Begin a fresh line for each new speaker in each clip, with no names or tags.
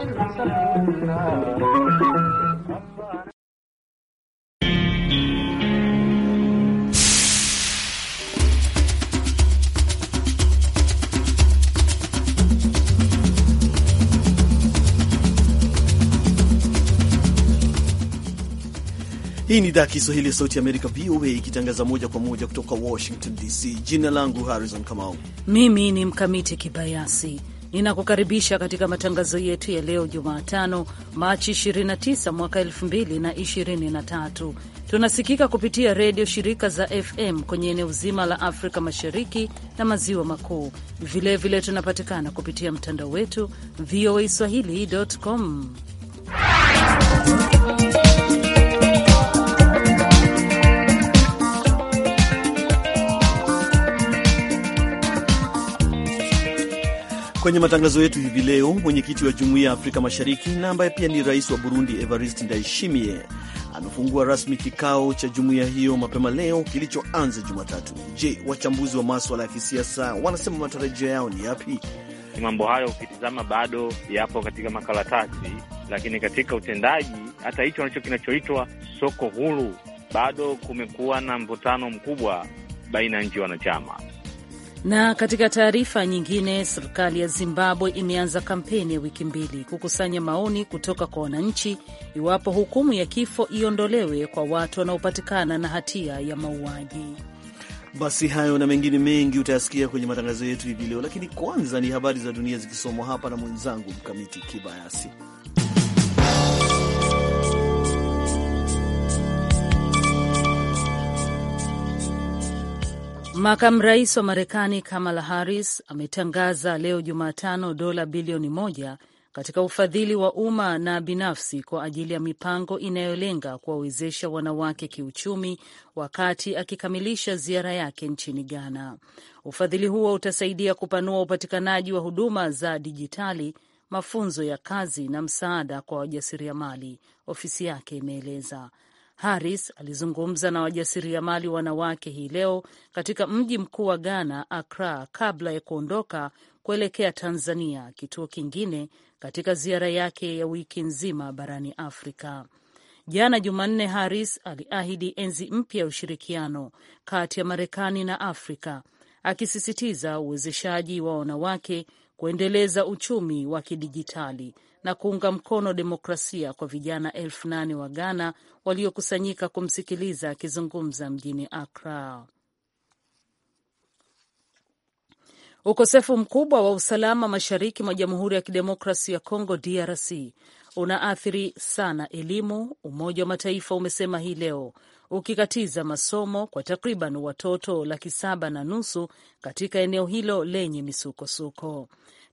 Hii ni idhaa ya Kiswahili ya Sauti ya Amerika, VOA, ikitangaza moja kwa moja kutoka Washington DC. Jina langu Harrison Kamau,
mimi ni Mkamiti Kibayasi. Ninakukaribisha katika matangazo yetu ya leo Jumatano, Machi 29 mwaka 2023. Tunasikika kupitia redio shirika za FM kwenye eneo zima la Afrika Mashariki na Maziwa Makuu. Vilevile tunapatikana kupitia mtandao wetu voa swahili.com.
Kwenye matangazo yetu hivi leo, mwenyekiti wa Jumuiya ya Afrika Mashariki na ambaye pia ni rais wa Burundi Evariste Ndayishimiye amefungua rasmi kikao cha jumuiya hiyo mapema leo kilichoanza Jumatatu. Je, wachambuzi wa maswala ya kisiasa wanasema matarajio yao ni yapi?
Mambo hayo ukitizama bado yapo katika makaratasi, lakini katika utendaji, hata hicho nacho kinachoitwa soko huru, bado kumekuwa na mvutano mkubwa baina ya nchi wanachama.
Na katika taarifa nyingine, serikali ya Zimbabwe imeanza kampeni ya wiki mbili kukusanya maoni kutoka kwa wananchi iwapo hukumu ya kifo iondolewe kwa watu wanaopatikana na hatia ya mauaji.
Basi hayo na mengine mengi utayasikia kwenye matangazo yetu hivi leo, lakini kwanza ni habari za dunia zikisomwa hapa na mwenzangu Mkamiti Kibayasi.
Makamu rais wa Marekani Kamala Harris ametangaza leo Jumatano dola bilioni moja katika ufadhili wa umma na binafsi kwa ajili ya mipango inayolenga kuwawezesha wanawake kiuchumi, wakati akikamilisha ziara yake nchini Ghana. Ufadhili huo utasaidia kupanua upatikanaji wa huduma za dijitali, mafunzo ya kazi na msaada kwa wajasiriamali, ofisi yake imeeleza. Harris alizungumza na wajasiriamali wanawake hii leo katika mji mkuu wa Ghana, Accra, kabla ya kuondoka kuelekea Tanzania, kituo kingine katika ziara yake ya wiki nzima barani Afrika. Jana Jumanne, Harris aliahidi enzi mpya ya ushirikiano kati ya Marekani na Afrika, akisisitiza uwezeshaji wa wanawake kuendeleza uchumi wa kidijitali na kuunga mkono demokrasia kwa vijana elfu nane wa Ghana waliokusanyika kumsikiliza akizungumza mjini Accra. Ukosefu mkubwa wa usalama mashariki mwa Jamhuri ya Kidemokrasi ya congo DRC unaathiri sana elimu, Umoja wa Mataifa umesema hii leo, ukikatiza masomo kwa takriban watoto laki saba na nusu katika eneo hilo lenye misukosuko.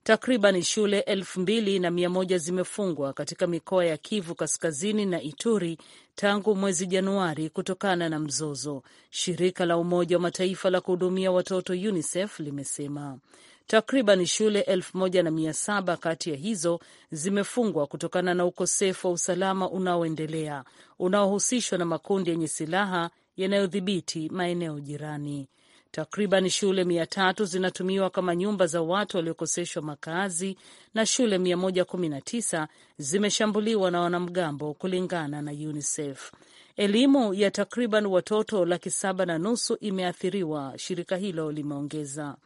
Takriban shule elfu mbili na mia moja zimefungwa katika mikoa ya Kivu Kaskazini na Ituri tangu mwezi Januari kutokana na mzozo, shirika la Umoja wa Mataifa la kuhudumia watoto UNICEF limesema. Takriban shule elfu moja na mia saba kati ya hizo zimefungwa kutokana na ukosefu wa usalama unaoendelea unaohusishwa na makundi yenye silaha yanayodhibiti maeneo jirani. Takriban shule mia tatu zinatumiwa kama nyumba za watu waliokoseshwa makazi na shule 119 zimeshambuliwa na wanamgambo, kulingana na UNICEF. Elimu ya takriban watoto laki saba na nusu imeathiriwa, shirika hilo limeongeza.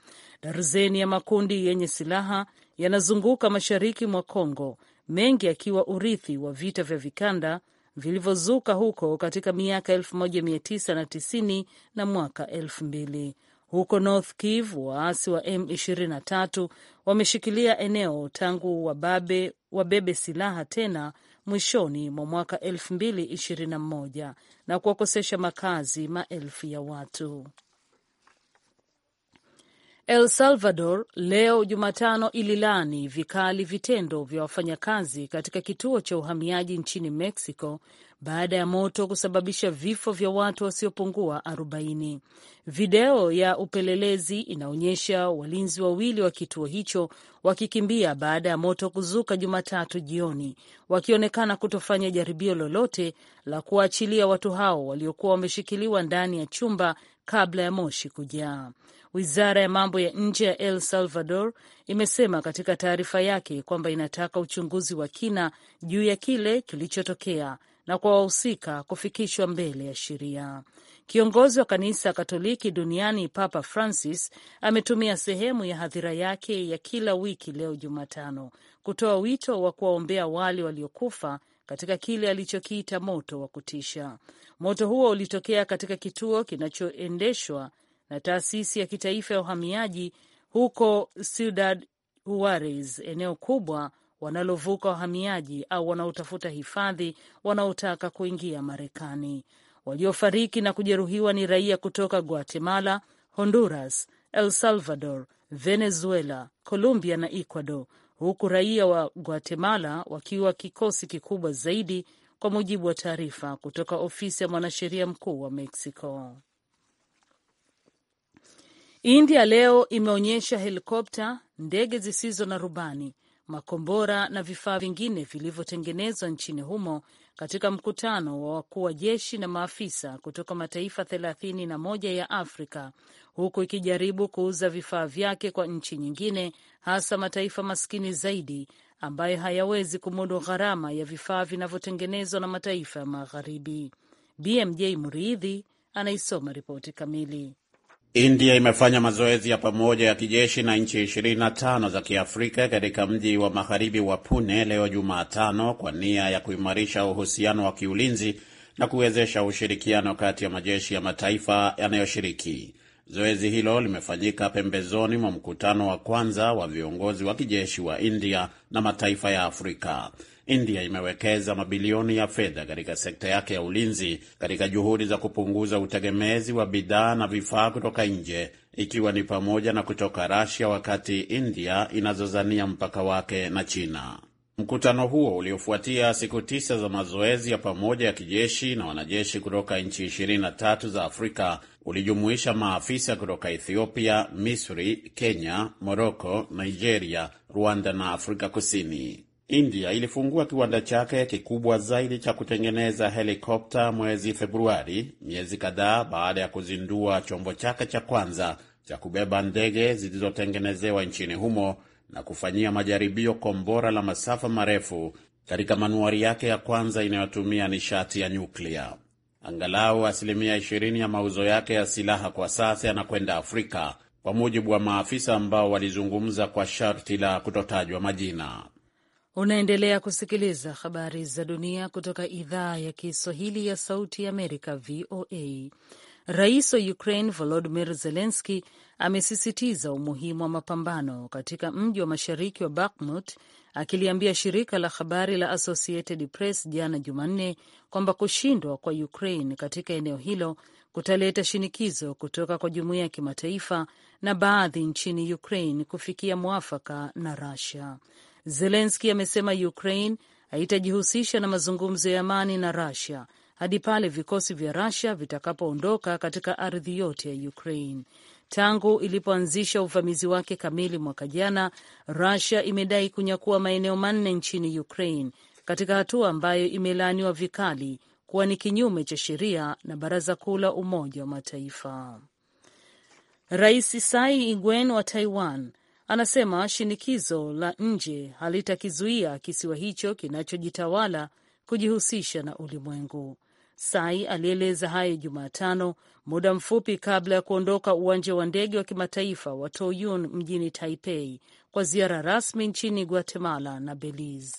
Darzeni ya makundi yenye silaha yanazunguka mashariki mwa Kongo, mengi akiwa urithi wa vita vya vikanda vilivyozuka huko katika miaka 1990 na mwaka 2000. Huko North Kivu, waasi wa M23 wameshikilia eneo tangu wababe, wabebe silaha tena mwishoni mwa mwaka 2021 na kuwakosesha makazi maelfu ya watu. El Salvador leo Jumatano ililaani vikali vitendo vya wafanyakazi katika kituo cha uhamiaji nchini Mexico baada ya moto kusababisha vifo vya watu wasiopungua 40. Video ya upelelezi inaonyesha walinzi wawili wa kituo hicho wakikimbia baada ya moto kuzuka Jumatatu jioni, wakionekana kutofanya jaribio lolote la kuwaachilia watu hao waliokuwa wameshikiliwa ndani ya chumba kabla ya moshi kujaa. Wizara ya mambo ya nje ya El Salvador imesema katika taarifa yake kwamba inataka uchunguzi wa kina juu ya kile kilichotokea na kwa wahusika kufikishwa mbele ya sheria. Kiongozi wa kanisa Katoliki duniani Papa Francis ametumia sehemu ya hadhira yake ya kila wiki leo Jumatano kutoa wito wa kuwaombea wale waliokufa katika kile alichokiita moto wa kutisha. Moto huo ulitokea katika kituo kinachoendeshwa na taasisi ya kitaifa ya uhamiaji huko Ciudad Juarez, eneo kubwa wanalovuka wahamiaji au wanaotafuta hifadhi wanaotaka kuingia Marekani. Waliofariki na kujeruhiwa ni raia kutoka Guatemala, Honduras, El Salvador, Venezuela, Colombia na Ecuador huku raia wa Guatemala wakiwa kikosi kikubwa zaidi, kwa mujibu wa taarifa kutoka ofisi ya mwanasheria mkuu wa Mexico. India leo imeonyesha helikopta, ndege zisizo na rubani, makombora na vifaa vingine vilivyotengenezwa nchini humo katika mkutano wa wakuu wa jeshi na maafisa kutoka mataifa thelathini na moja ya Afrika, huku ikijaribu kuuza vifaa vyake kwa nchi nyingine, hasa mataifa maskini zaidi ambayo hayawezi kumudu gharama ya vifaa vinavyotengenezwa na mataifa ya Magharibi. BMJ Muridhi anaisoma ripoti kamili.
India imefanya mazoezi ya pamoja ya kijeshi na nchi 25 za Kiafrika katika mji wa magharibi wa Pune leo Jumatano kwa nia ya kuimarisha uhusiano wa kiulinzi na kuwezesha ushirikiano kati ya majeshi ya mataifa yanayoshiriki. Zoezi hilo limefanyika pembezoni mwa mkutano wa kwanza wa viongozi wa kijeshi wa India na mataifa ya Afrika. India imewekeza mabilioni ya fedha katika sekta yake ya ulinzi katika juhudi za kupunguza utegemezi wa bidhaa na vifaa kutoka nje, ikiwa ni pamoja na kutoka Rasia, wakati India inazozania mpaka wake na China. Mkutano huo uliofuatia siku tisa za mazoezi ya pamoja ya kijeshi na wanajeshi kutoka nchi 23 za Afrika ulijumuisha maafisa kutoka Ethiopia, Misri, Kenya, Moroko, Nigeria, Rwanda na Afrika Kusini. India ilifungua kiwanda chake kikubwa zaidi cha kutengeneza helikopta mwezi Februari, miezi kadhaa baada ya kuzindua chombo chake cha kwanza cha kubeba ndege zilizotengenezewa nchini humo na kufanyia majaribio kombora la masafa marefu katika manuari yake ya kwanza inayotumia nishati ya nyuklia. Angalau asilimia 20 ya mauzo yake ya silaha kwa sasa yanakwenda Afrika, kwa mujibu wa maafisa ambao walizungumza kwa sharti la kutotajwa majina.
Unaendelea kusikiliza habari za dunia kutoka idhaa ya Kiswahili ya Sauti ya Amerika, VOA. Rais wa Ukraine Volodimir Zelenski amesisitiza umuhimu wa mapambano katika mji wa mashariki wa Bakhmut, akiliambia shirika la habari la Associated Press jana Jumanne kwamba kushindwa kwa Ukraine katika eneo hilo kutaleta shinikizo kutoka kwa jumuiya ya kimataifa na baadhi nchini Ukraine kufikia mwafaka na Russia. Zelenski amesema Ukraine haitajihusisha na mazungumzo ya amani na rasia hadi pale vikosi vya rasia vitakapoondoka katika ardhi yote ya Ukraine. Tangu ilipoanzisha uvamizi wake kamili mwaka jana, rasia imedai kunyakua maeneo manne nchini Ukraine, katika hatua ambayo imelaaniwa vikali kuwa ni kinyume cha sheria na Baraza Kuu la Umoja wa Mataifa. Rais Tsai Ing-wen wa Taiwan anasema shinikizo la nje halitakizuia kisiwa hicho kinachojitawala kujihusisha na ulimwengu. Sai alieleza hayo Jumatano, muda mfupi kabla ya kuondoka uwanja wa ndege wa kimataifa wa Toyun mjini Taipei kwa ziara rasmi nchini Guatemala na Belize.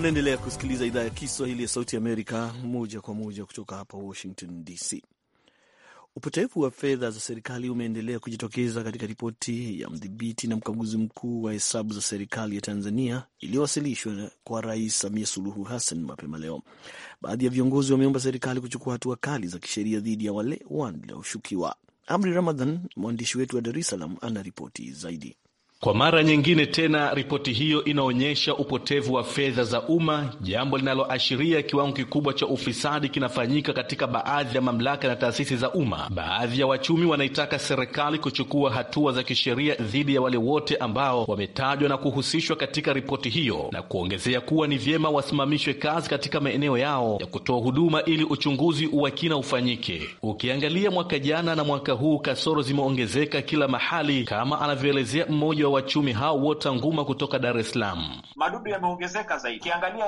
Unaendelea kusikiliza idhaa ya Kiswahili
ya Sauti Amerika moja kwa moja kutoka hapa Washington DC. Upotevu wa fedha za serikali umeendelea kujitokeza katika ripoti ya mdhibiti na mkaguzi mkuu wa hesabu za serikali ya Tanzania iliyowasilishwa kwa Rais Samia Suluhu Hassan mapema leo. Baadhi ya viongozi wameomba serikali kuchukua hatua kali za kisheria dhidi ya wale wanaoshukiwa. Amri Ramadhan, mwandishi wetu wa Dar es Salaam, ana ripoti zaidi. Kwa mara
nyingine tena, ripoti hiyo inaonyesha upotevu wa fedha za umma, jambo linaloashiria kiwango kikubwa cha ufisadi kinafanyika katika baadhi ya mamlaka na taasisi za umma. Baadhi ya wachumi wanaitaka serikali kuchukua hatua za kisheria dhidi ya wale wote ambao wametajwa na kuhusishwa katika ripoti hiyo, na kuongezea kuwa ni vyema wasimamishwe kazi katika maeneo yao ya kutoa huduma ili uchunguzi wa kina ufanyike. Ukiangalia mwaka jana na mwaka huu, kasoro zimeongezeka kila mahali, kama anavyoelezea mmoja wachumi hao wote nguma kutoka Dar es Salaam.
Madudu yameongezeka zaidi. Ukiangalia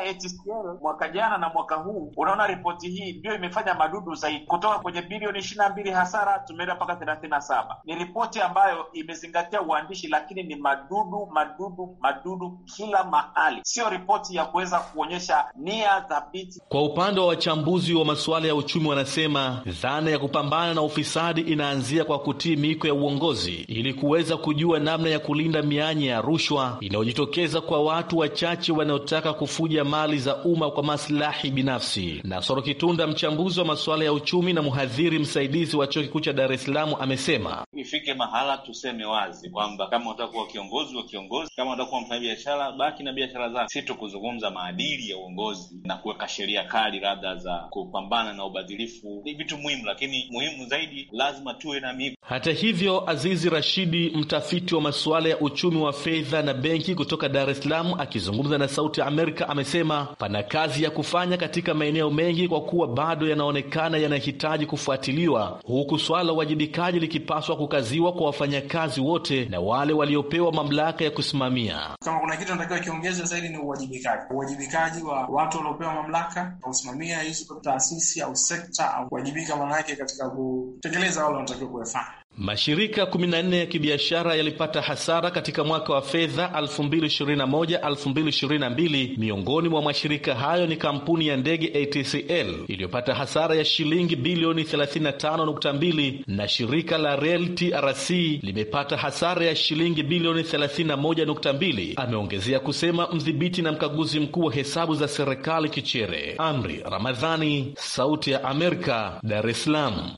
mwaka jana na mwaka huu, unaona ripoti hii ndio imefanya madudu zaidi, kutoka kwenye bilioni ishirini na mbili hasara tumeenda mpaka thelathini na saba. Ni ripoti ambayo imezingatia uandishi, lakini ni madudu madudu madudu kila mahali, siyo ripoti ya kuweza kuonyesha nia thabiti.
Kwa upande wa wachambuzi wa masuala ya uchumi, wanasema dhana ya kupambana na ufisadi inaanzia kwa kutii miko ya uongozi ili kuweza kujua namna ya kulinda kulinda mianya ya rushwa inayojitokeza kwa watu wachache wanaotaka kufuja mali za umma kwa maslahi binafsi. Nasoro Kitunda, mchambuzi wa masuala ya uchumi na mhadhiri msaidizi wa chuo kikuu cha Dar es Salaam, amesema
ifike mahala tuseme wazi kwamba kama unataka kuwa kiongozi wa kiongozi, kama unataka kuwa mfanyabiashara, baki na biashara zako, si tu kuzungumza maadili ya uongozi na kuweka sheria kali labda za kupambana na ubadhilifu. Ni vitu muhimu, lakini muhimu zaidi lazima tuwe na miko.
Hata hivyo, Azizi Rashidi, mtafiti wa masuala ya uchumi wa fedha na benki kutoka Dar es Salaam akizungumza na Sauti ya Amerika amesema pana kazi ya kufanya katika maeneo mengi kwa kuwa bado yanaonekana yanahitaji kufuatiliwa, huku swala la uwajibikaji likipaswa kukaziwa kwa wafanyakazi wote na wale waliopewa mamlaka ya kusimamia.
Kama kuna kitu natakiwa kiongeze zaidi ni uwajibikaji, uwajibikaji wa watu waliopewa mamlaka na kusimamia hizo taasisi au sekta au kuwajibika, maanake katika kutekeleza wale wanatakiwa kuyafanya.
Mashirika 14 ya kibiashara yalipata hasara katika mwaka wa fedha 2021-2022. Miongoni mwa mashirika hayo ni kampuni ya ndege ATCL iliyopata hasara ya shilingi bilioni 35.2 na shirika la reli TRC limepata hasara ya shilingi bilioni 31.2. Ameongezea kusema mdhibiti na mkaguzi mkuu wa hesabu za serikali Kichere. Amri Ramadhani, Sauti ya Amerika, Dar es Salaam.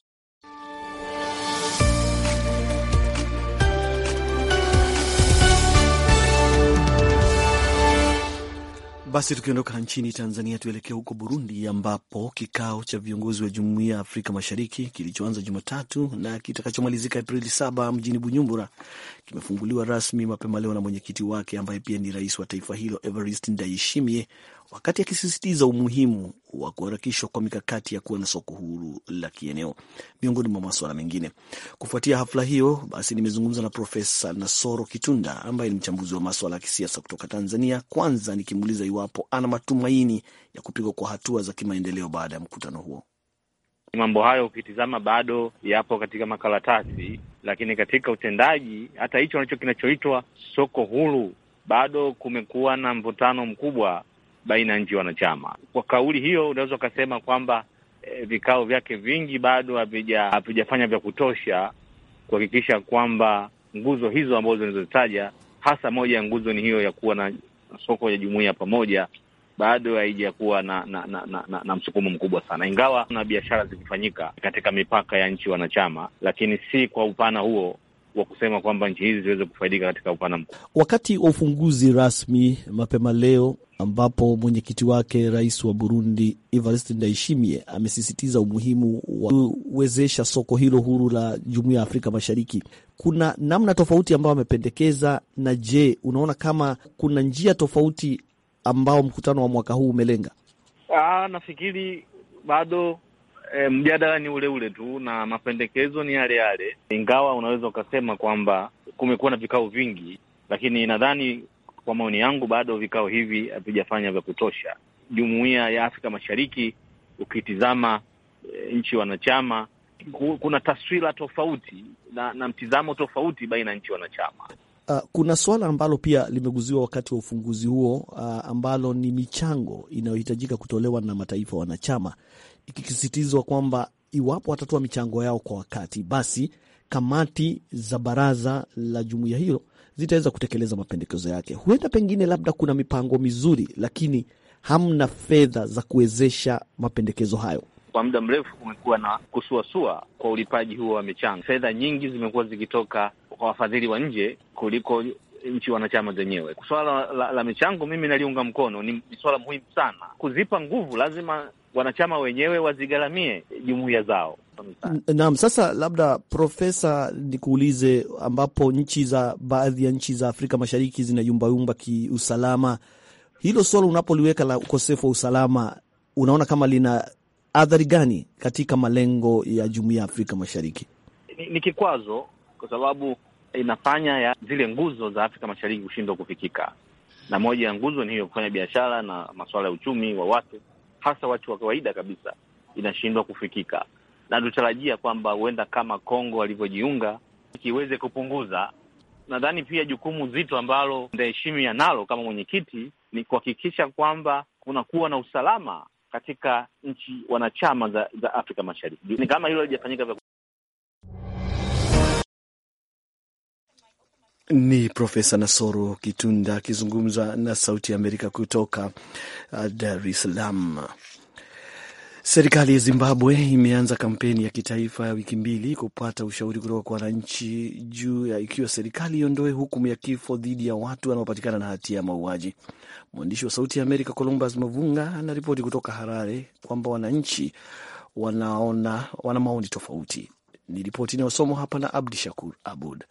Basi tukiondoka nchini Tanzania, tuelekee huko Burundi, ambapo kikao cha viongozi wa Jumuiya ya Afrika Mashariki kilichoanza Jumatatu na kitakachomalizika Aprili saba mjini Bujumbura kimefunguliwa rasmi mapema leo na mwenyekiti wake ambaye pia ni rais wa taifa hilo Evariste Ndayishimiye, wakati akisisitiza umuhimu wa kuharakishwa kwa mikakati ya kuwa na soko huru la kieneo miongoni mwa maswala mengine. Kufuatia hafla hiyo, basi nimezungumza na Profesa Nasoro Kitunda ambaye ni mchambuzi wa maswala ya kisiasa kutoka Tanzania, kwanza nikimuuliza iwapo ana matumaini ya kupigwa kwa hatua za kimaendeleo baada ya mkutano huo.
Mambo hayo ukitizama bado yapo katika makaratasi, lakini katika utendaji, hata hicho nacho kinachoitwa soko huru, bado kumekuwa na mvutano mkubwa baina ya nchi wanachama. Kwa kauli hiyo, unaweza ukasema kwamba e, vikao vyake vingi bado havijafanya vya kutosha kuhakikisha kwamba nguzo hizo ambazo zinazozitaja, hasa moja ya nguzo ni hiyo ya kuwa na soko ya jumuiya pamoja, bado haijakuwa na na, na, na, na, na msukumo mkubwa sana, ingawa kuna biashara zikifanyika katika mipaka ya nchi wanachama, lakini si kwa upana huo wa kusema kwamba nchi hizi ziweze kufaidika katika upana mkuu.
Wakati wa ufunguzi rasmi mapema leo, ambapo mwenyekiti wake Rais wa Burundi Evariste Ndayishimiye amesisitiza umuhimu wa kuwezesha soko hilo huru la Jumuiya ya Afrika Mashariki, kuna namna tofauti ambayo amependekeza. Na je, unaona kama kuna njia tofauti ambao mkutano wa mwaka huu umelenga?
Aa, ah, nafikiri bado e, mjadala ni ule ule tu na mapendekezo ni yale yale, ingawa unaweza ukasema kwamba kumekuwa na vikao vingi, lakini nadhani kwa maoni yangu bado vikao hivi havijafanya vya kutosha. Jumuiya ya Afrika Mashariki ukitizama e, nchi wanachama kuna taswira tofauti na, na mtizamo tofauti baina ya nchi wanachama.
Uh, kuna suala ambalo pia limeguziwa wakati wa ufunguzi huo uh, ambalo ni michango inayohitajika kutolewa na mataifa wanachama ikisisitizwa kwamba iwapo watatoa michango yao kwa wakati, basi kamati za baraza la jumuiya hiyo zitaweza kutekeleza mapendekezo yake. Huenda pengine, labda kuna mipango mizuri, lakini hamna fedha za kuwezesha mapendekezo hayo.
Kwa muda mrefu kumekuwa na kusuasua kwa ulipaji huo wa michango. Fedha nyingi zimekuwa zikitoka kwa wafadhili wa nje kuliko nchi wanachama zenyewe. Swala la, la, la michango mimi naliunga mkono, ni suala muhimu sana. Kuzipa nguvu lazima wanachama wenyewe wazigharamie jumuiya zao.
Naam, sasa labda Profesa, nikuulize ambapo nchi za baadhi ya nchi za Afrika Mashariki zinayumbayumba kiusalama, hilo swala unapoliweka la ukosefu wa usalama, unaona kama lina athari gani katika malengo ya jumuiya ya Afrika Mashariki?
Ni, ni kikwazo kwa sababu inafanya ya zile nguzo za Afrika Mashariki kushindwa kufikika, na moja ya nguzo ni hiyo, kufanya biashara na masuala ya uchumi wa watu hasa watu wa kawaida kabisa inashindwa kufikika, na tutarajia kwamba huenda kama Kongo alivyojiunga ikiweze kupunguza. Nadhani pia jukumu zito ambalo ndaheshimia nalo kama mwenyekiti ni kuhakikisha kwamba kunakuwa na usalama katika nchi wanachama za, za Afrika Mashariki. Ni kama hilo halijafanyika
Ni Profesa Nasoro Kitunda akizungumza na Sauti ya Amerika kutoka uh, Dar es Salaam. Serikali ya Zimbabwe imeanza kampeni ya kitaifa ya wiki mbili kupata ushauri kutoka kwa wananchi juu ya ikiwa serikali iondoe hukumu ya kifo dhidi ya watu wanaopatikana na hatia ya mauaji. Mwandishi wa Sauti ya Amerika Columbus Mavunga anaripoti kutoka Harare kwamba wananchi wanaona wana maoni tofauti. Ni ripoti inayosomwa hapa na Abdi Shakur Abud.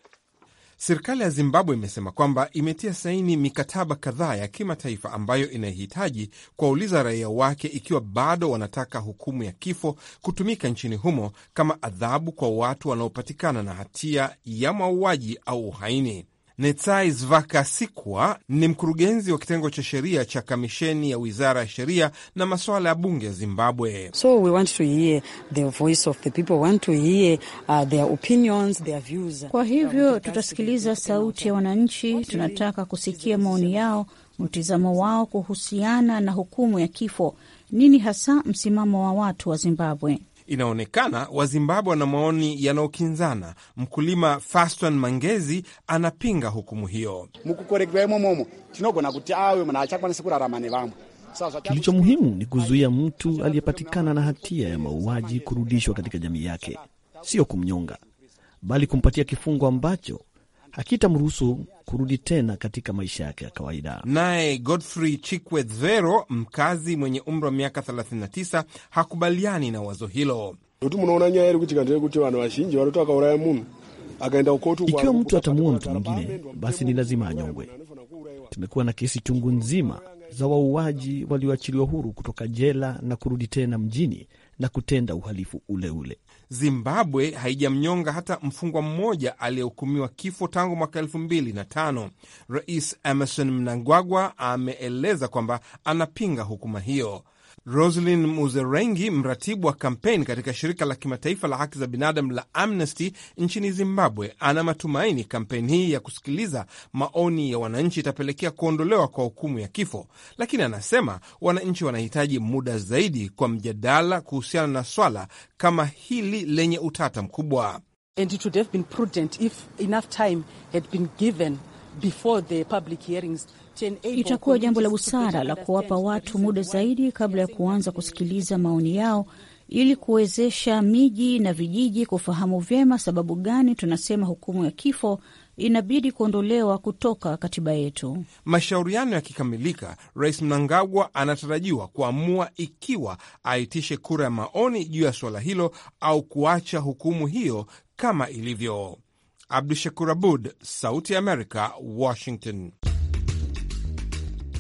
Serikali ya Zimbabwe imesema kwamba imetia
saini mikataba kadhaa ya kimataifa ambayo inahitaji kuwauliza raia wake ikiwa bado wanataka hukumu ya kifo kutumika nchini humo kama adhabu kwa watu wanaopatikana na hatia ya mauaji au uhaini. Netais Vakasikwa ni mkurugenzi wa kitengo cha sheria cha kamisheni ya wizara ya sheria na masuala ya
bunge ya Zimbabwe. So we want to hear the voice of the people, want to hear uh, their opinions, their views. Kwa hivyo tutasikiliza sauti ya wananchi, tunataka kusikia maoni yao, mtizamo wao kuhusiana na hukumu ya kifo. Nini hasa msimamo wa watu wa Zimbabwe?
Inaonekana Wazimbabwe wana maoni yanayokinzana. Mkulima Faston Mangezi anapinga hukumu hiyo.
mukukoregerwa
imomomo tinogona kuti awe achakwanisa kurarama nevamwe Kilicho
muhimu ni kuzuia mtu aliyepatikana na hatia ya mauaji kurudishwa katika jamii yake, sio kumnyonga, bali kumpatia kifungo ambacho hakitamruhusu kurudi tena katika maisha yake ya kawaida.
Naye Godfrey Chikwevero, mkazi mwenye umri wa miaka 39, hakubaliani na wazo hilo. Ikiwa
mtu atamuua mtu mwingine, basi ni lazima anyongwe. Tumekuwa na kesi chungu nzima za wauaji walioachiliwa huru kutoka jela na kurudi tena mjini na kutenda uhalifu ule ule. Zimbabwe haijamnyonga
hata mfungwa mmoja aliyehukumiwa kifo tangu mwaka elfu mbili na tano. Rais Emerson Mnangagwa ameeleza kwamba anapinga hukuma hiyo. Roslin Muzerengi, mratibu wa kampeni katika shirika la kimataifa la haki za binadamu la Amnesty nchini Zimbabwe, ana matumaini kampeni hii ya kusikiliza maoni ya wananchi itapelekea kuondolewa kwa hukumu ya kifo, lakini anasema wananchi wanahitaji muda zaidi kwa mjadala kuhusiana na swala kama hili lenye utata mkubwa.
And it would have been prudent if enough time had been given before the public hearings. Itakuwa jambo la busara la kuwapa watu muda zaidi kabla ya kuanza kusikiliza maoni yao ili kuwezesha miji na vijiji kufahamu vyema sababu gani tunasema hukumu ya kifo inabidi kuondolewa kutoka katiba yetu.
Mashauriano yakikamilika, Rais Mnangagwa anatarajiwa kuamua ikiwa aitishe kura ya maoni juu ya suala hilo au kuacha hukumu hiyo kama ilivyo. Abdu Shakur Abud, Sauti ya Amerika, Washington.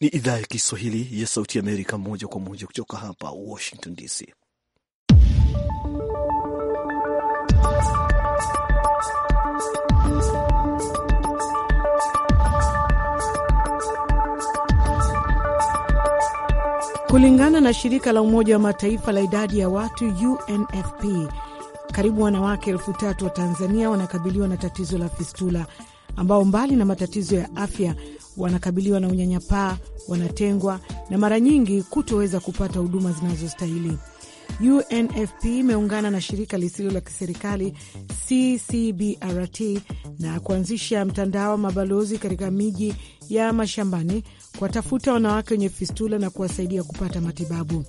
Ni idhaa ya Kiswahili ya Sauti Amerika, moja kwa moja kutoka hapa Washington DC.
Kulingana na shirika la Umoja wa Mataifa la idadi ya watu UNFP, karibu wanawake elfu tatu wa Tanzania wanakabiliwa na tatizo la fistula ambao mbali na matatizo ya afya wanakabiliwa na unyanyapaa, wanatengwa na mara nyingi kutoweza kupata huduma zinazostahili. UNFP imeungana na shirika lisilo la kiserikali CCBRT na kuanzisha mtandao wa mabalozi katika miji ya mashambani kuwatafuta wanawake wenye fistula na kuwasaidia kupata matibabu.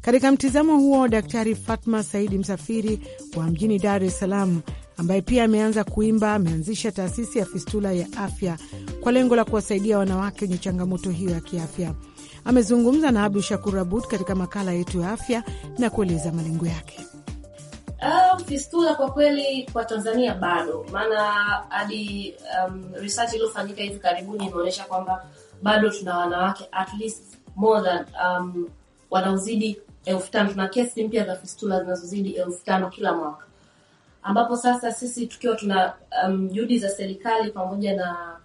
Katika mtizamo huo, Daktari Fatma Saidi Msafiri wa mjini Dar es Salaam ambaye pia ameanza kuimba. Ameanzisha taasisi ya Fistula ya Afya kwa lengo la kuwasaidia wanawake wenye changamoto hiyo ya kiafya. Amezungumza na Abdu Shakur Abud katika makala yetu ya afya na kueleza malengo yake.
Um, fistula kwa kweli kwa Tanzania bado, maana hadi um, research iliyofanyika hivi karibuni inaonyesha kwamba bado tuna wanawake at least more than um, wanaozidi elfu tano tuna kesi mpya za fistula zinazozidi elfu tano kila mwaka ambapo sasa sisi tukiwa tuna um, juhudi za serikali pamoja na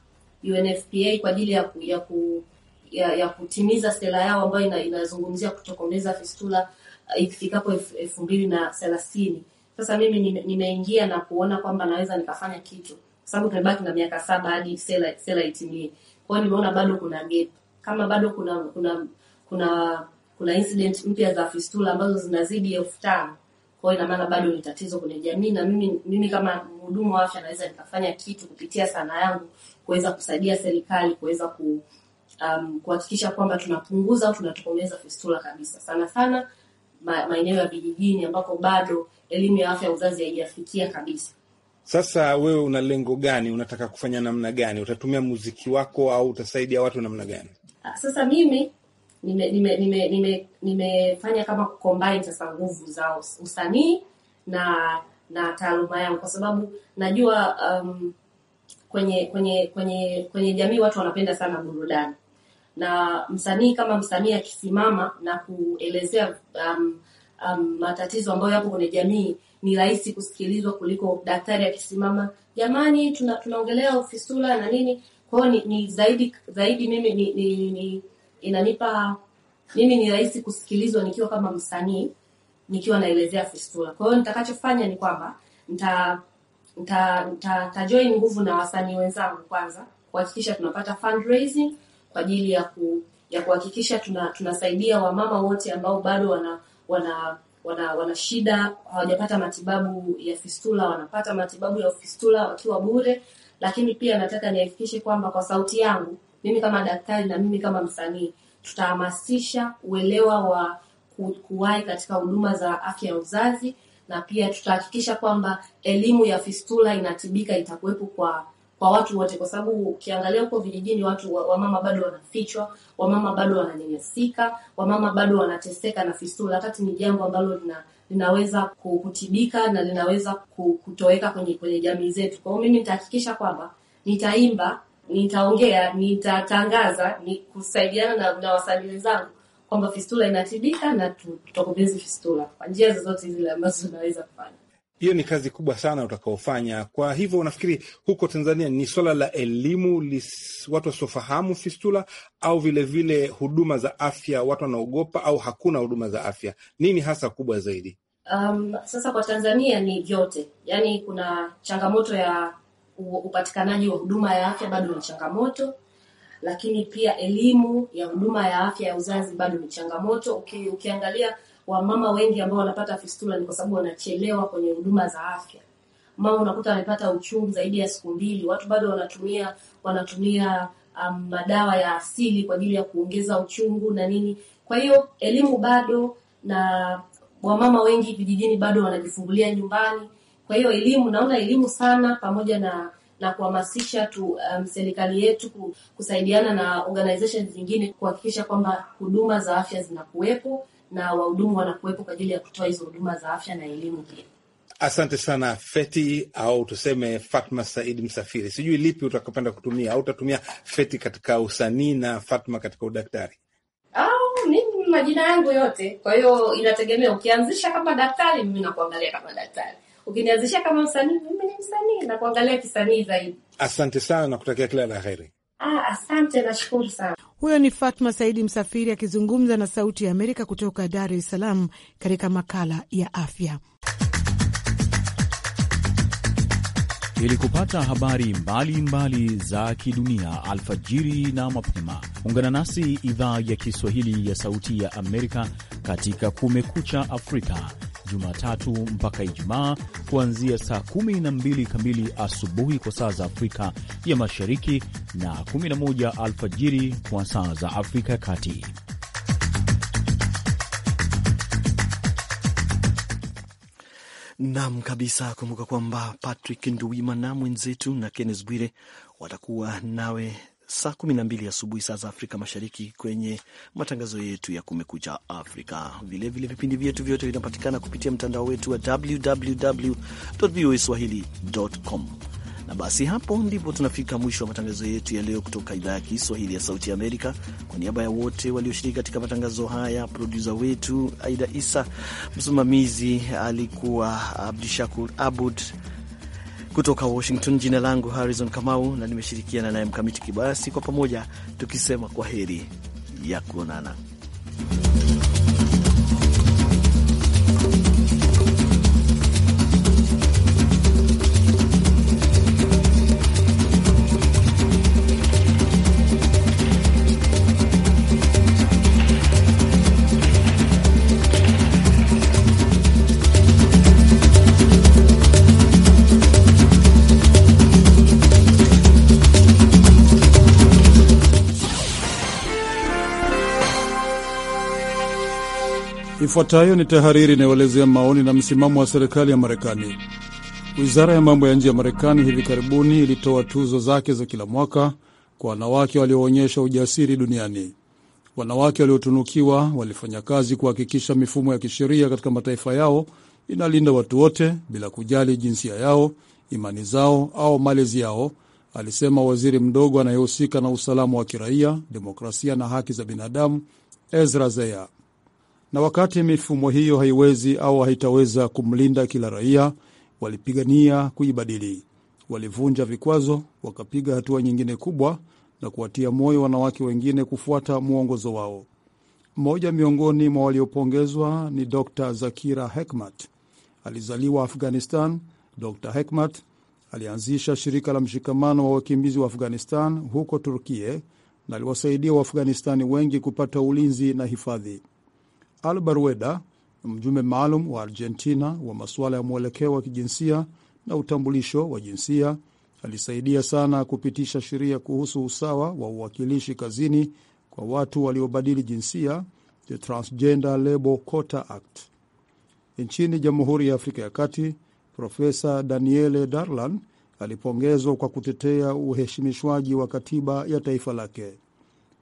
UNFPA kwa ajili ya, ku, ya, ku, ya, ya kutimiza sera yao ambayo ina, inazungumzia kutokomeza fistula uh, ikifikapo elfu mbili na thelathini. Sasa mimi nimeingia na kuona kwamba naweza nikafanya kitu, kwa sababu tumebaki na miaka saba hadi sera sera itimie. Kwa hiyo nimeona bado kuna gap, kama bado kuna kuna kuna kuna incident mpya za fistula ambazo zinazidi elfu tano kwa hiyo ina maana bado ni tatizo kwenye jamii, na mimi, mimi kama mhudumu wa afya naweza nikafanya kitu kupitia sanaa yangu kuweza kusaidia serikali kuweza ku um, kuhakikisha kwamba tunapunguza au tunatokomeza fistula kabisa, sana sana ma, maeneo ya vijijini ambapo bado elimu ya afya ya uzazi haijafikia kabisa.
Sasa wewe una lengo gani? Unataka kufanya namna gani? Utatumia muziki wako au utasaidia watu namna gani?
Ah, sasa mimi nimefanya nime, nime, nime, kama kucombine sasa nguvu za usanii na na taaluma yangu, kwa sababu najua um, kwenye kwenye kwenye kwenye jamii watu wanapenda sana burudani, na msanii kama msanii akisimama na kuelezea um, um, matatizo ambayo yapo kwenye jamii ni rahisi kusikilizwa kuliko daktari akisimama, jamani, tunaongelea tuna na nini. Kwa hiyo ni, ni zaidi zaidi mimi ni, ni, ni, ni inanipa mimi, ni rahisi kusikilizwa nikiwa kama msanii, nikiwa naelezea fistula. Kwa hiyo nitakachofanya ni kwamba nita join nguvu na wasanii wenzangu kwanza kuhakikisha tunapata fundraising kwa ajili ya ku, ya kuhakikisha tuna, tunasaidia wamama wote ambao bado wana wana wana, wana shida hawajapata matibabu ya fistula, wanapata matibabu ya fistula wakiwa bure. Lakini pia nataka nihakikishe kwamba kwa sauti yangu mimi kama daktari na mimi kama msanii tutahamasisha uelewa wa kuwahi katika huduma za afya ya uzazi na pia tutahakikisha kwamba elimu ya fistula inatibika itakuwepo kwa kwa watu wote, kwa sababu ukiangalia huko vijijini watu wamama wa bado wanafichwa, wamama bado wananyanyasika, wamama bado wanateseka na fistula, wakati ni jambo ambalo lina, linaweza kutibika na linaweza kutoweka kwenye kwenye jamii zetu. Kwa hiyo mimi nitahakikisha kwamba nitaimba nitaongea, nitatangaza, ni kusaidiana na, na wasanii wenzangu kwamba fistula inatibika na tutakubezi fistula kwa njia zozote zile ambazo tunaweza kufanya.
Hiyo ni kazi kubwa sana utakaofanya. Kwa hivyo unafikiri huko Tanzania ni swala la elimu lis, watu wasiofahamu fistula au vilevile vile huduma za afya watu wanaogopa, au hakuna huduma za afya?
Nini
hasa kubwa zaidi? Um, sasa kwa Tanzania ni vyote, yaani kuna changamoto ya upatikanaji wa huduma ya afya bado ni changamoto, lakini pia elimu ya huduma ya afya ya uzazi bado ni changamoto. Uki, ukiangalia wamama wengi ambao wanapata fistula ni kwa sababu wanachelewa kwenye huduma za afya. Mama unakuta amepata uchungu zaidi ya siku mbili, watu bado wanatumia wanatumia um, madawa ya asili kwa ajili ya kuongeza uchungu na nini. Kwa hiyo elimu bado, na wamama wengi vijijini bado wanajifungulia nyumbani kwa hiyo elimu, naona elimu sana pamoja na na kuhamasisha tu um, serikali yetu kusaidiana na organization zingine kuhakikisha kwamba huduma za afya zinakuwepo na wahudumu wanakuwepo kwa ajili ya kutoa hizo huduma za afya na elimu pia.
Asante sana Feti au tuseme Fatma Said Msafiri, sijui lipi utakapenda kutumia au utatumia Feti katika usanii na Fatma katika udaktari?
Au mimi majina yangu yote, kwa hiyo inategemea. Ukianzisha kama daktari, mimi nakuangalia kama daktari ukinianzisha kama msanii, mimi ni msanii na kuangalia kisanii zaidi.
Asante sana na kutakia kila la heri.
Ah, asante, nashukuru sana. Huyo ni Fatma Saidi Msafiri akizungumza na Sauti ya Amerika kutoka Dar es Salaam katika makala ya afya.
Ili kupata habari mbalimbali mbali za kidunia alfajiri na mapema, ungana nasi idhaa ya Kiswahili ya Sauti ya Amerika katika Kumekucha Afrika Jumatatu mpaka Ijumaa kuanzia saa mbili kamili asubuhi kwa saa za Afrika ya Mashariki na moja alfajiri kwa saa za Afrika ya Kati.
Nam kabisa. Kumbuka kwamba Patrick Nduwimana mwenzetu na Kennes Bwire watakuwa nawe saa mbili asubuhi saa za Afrika Mashariki kwenye matangazo yetu ya Kumekucha Afrika. Vilevile vile vipindi vyetu vyote vinapatikana kupitia mtandao wetu wa www.voaswahili.com. Na basi hapo ndipo tunafika mwisho wa matangazo yetu ya leo kutoka idhaa ya Kiswahili ya Sauti Amerika. Kwa niaba ya wote walioshiriki katika matangazo haya, produsa wetu Aida Isa, msimamizi alikuwa Abdishakur Abud. Kutoka Washington, jina langu Harrison Kamau na nimeshirikiana naye Mkamiti Kibayasi, kwa pamoja tukisema kwa heri ya kuonana.
Ifuatayo ni tahariri inayoelezea maoni na msimamo wa serikali ya Marekani. Wizara ya mambo ya nje ya Marekani hivi karibuni ilitoa tuzo zake za kila mwaka kwa wanawake walioonyesha ujasiri duniani. Wanawake waliotunukiwa walifanya kazi kuhakikisha mifumo ya kisheria katika mataifa yao inalinda watu wote bila kujali jinsia yao, imani zao au malezi yao, alisema waziri mdogo anayehusika na usalama wa kiraia, demokrasia na haki za binadamu Ezra Zeya na wakati mifumo hiyo haiwezi au haitaweza kumlinda kila raia, walipigania kuibadili. Walivunja vikwazo, wakapiga hatua nyingine kubwa na kuwatia moyo wanawake wengine kufuata mwongozo wao. Mmoja miongoni mwa waliopongezwa ni Dr Zakira Hekmat. Alizaliwa Afghanistan. Dr Hekmat alianzisha shirika la mshikamano wa wakimbizi wa Afghanistan huko Turkie na aliwasaidia Waafghanistani wengi kupata ulinzi na hifadhi. Alba Rueda, mjumbe maalum wa Argentina wa masuala ya mwelekeo wa kijinsia na utambulisho wa jinsia, alisaidia sana kupitisha sheria kuhusu usawa wa uwakilishi kazini kwa watu waliobadili jinsia, the Transgender Labor Quota Act. Nchini Jamhuri ya Afrika ya Kati, Profesa Daniele Darlan alipongezwa kwa kutetea uheshimishwaji wa katiba ya taifa lake.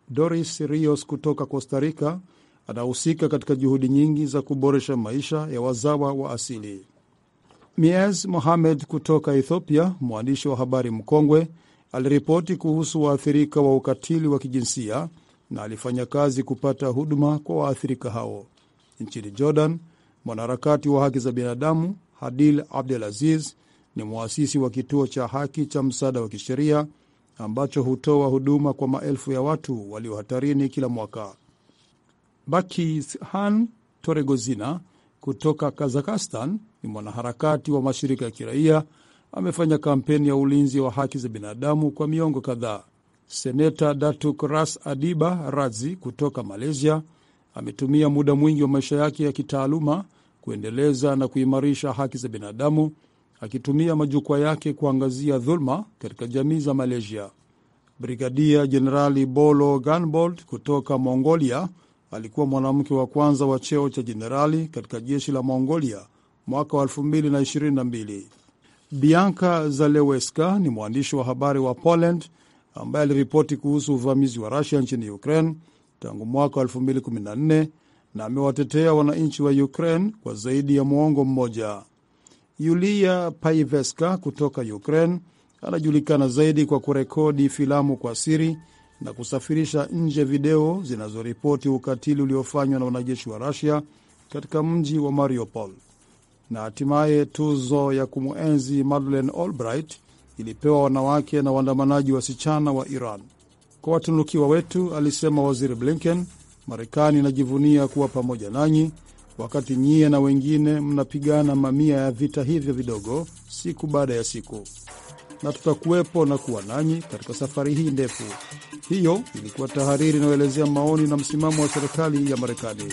Doris Rios kutoka Costa Rica anahusika katika juhudi nyingi za kuboresha maisha ya wazawa wa asili. mies Mohamed kutoka Ethiopia, mwandishi wa habari mkongwe, aliripoti kuhusu waathirika wa ukatili wa kijinsia na alifanya kazi kupata huduma kwa waathirika hao. Nchini Jordan, mwanaharakati wa haki za binadamu Hadil Abdel Aziz ni mwasisi wa kituo cha haki cha msaada wa kisheria ambacho hutoa huduma kwa maelfu ya watu walio hatarini kila mwaka. Bakishan Toregozina kutoka Kazakhstan ni mwanaharakati wa mashirika ya kiraia. Amefanya kampeni ya ulinzi wa haki za binadamu kwa miongo kadhaa. Seneta Datuk Ras Adiba Razi kutoka Malaysia ametumia muda mwingi wa maisha yake ya kitaaluma kuendeleza na kuimarisha haki za binadamu akitumia majukwaa yake kuangazia dhuluma katika jamii za Malaysia. Brigadia Jenerali Bolo Ganbold kutoka Mongolia alikuwa mwanamke wa kwanza wa cheo cha jenerali katika jeshi la Mongolia mwaka wa 2022. Bianka Zaleweska ni mwandishi wa habari wa Poland ambaye aliripoti kuhusu uvamizi wa Rusia nchini Ukraine tangu mwaka wa 2014 na amewatetea wananchi wa Ukraine kwa zaidi ya mwongo mmoja. Yulia Paiveska kutoka Ukraine anajulikana zaidi kwa kurekodi filamu kwa siri na kusafirisha nje video zinazoripoti ukatili uliofanywa na wanajeshi wa Rusia katika mji wa Mariupol. Na hatimaye tuzo ya kumwenzi Madeleine Albright ilipewa wanawake na waandamanaji wasichana wa Iran. Kwa watunukiwa wetu, alisema Waziri Blinken, Marekani inajivunia kuwa pamoja nanyi wakati nyie na wengine mnapigana mamia ya vita hivyo vidogo siku baada ya siku na tutakuwepo na kuwa nanyi katika safari hii ndefu. Hiyo ilikuwa tahariri inayoelezea maoni na msimamo wa serikali ya Marekani.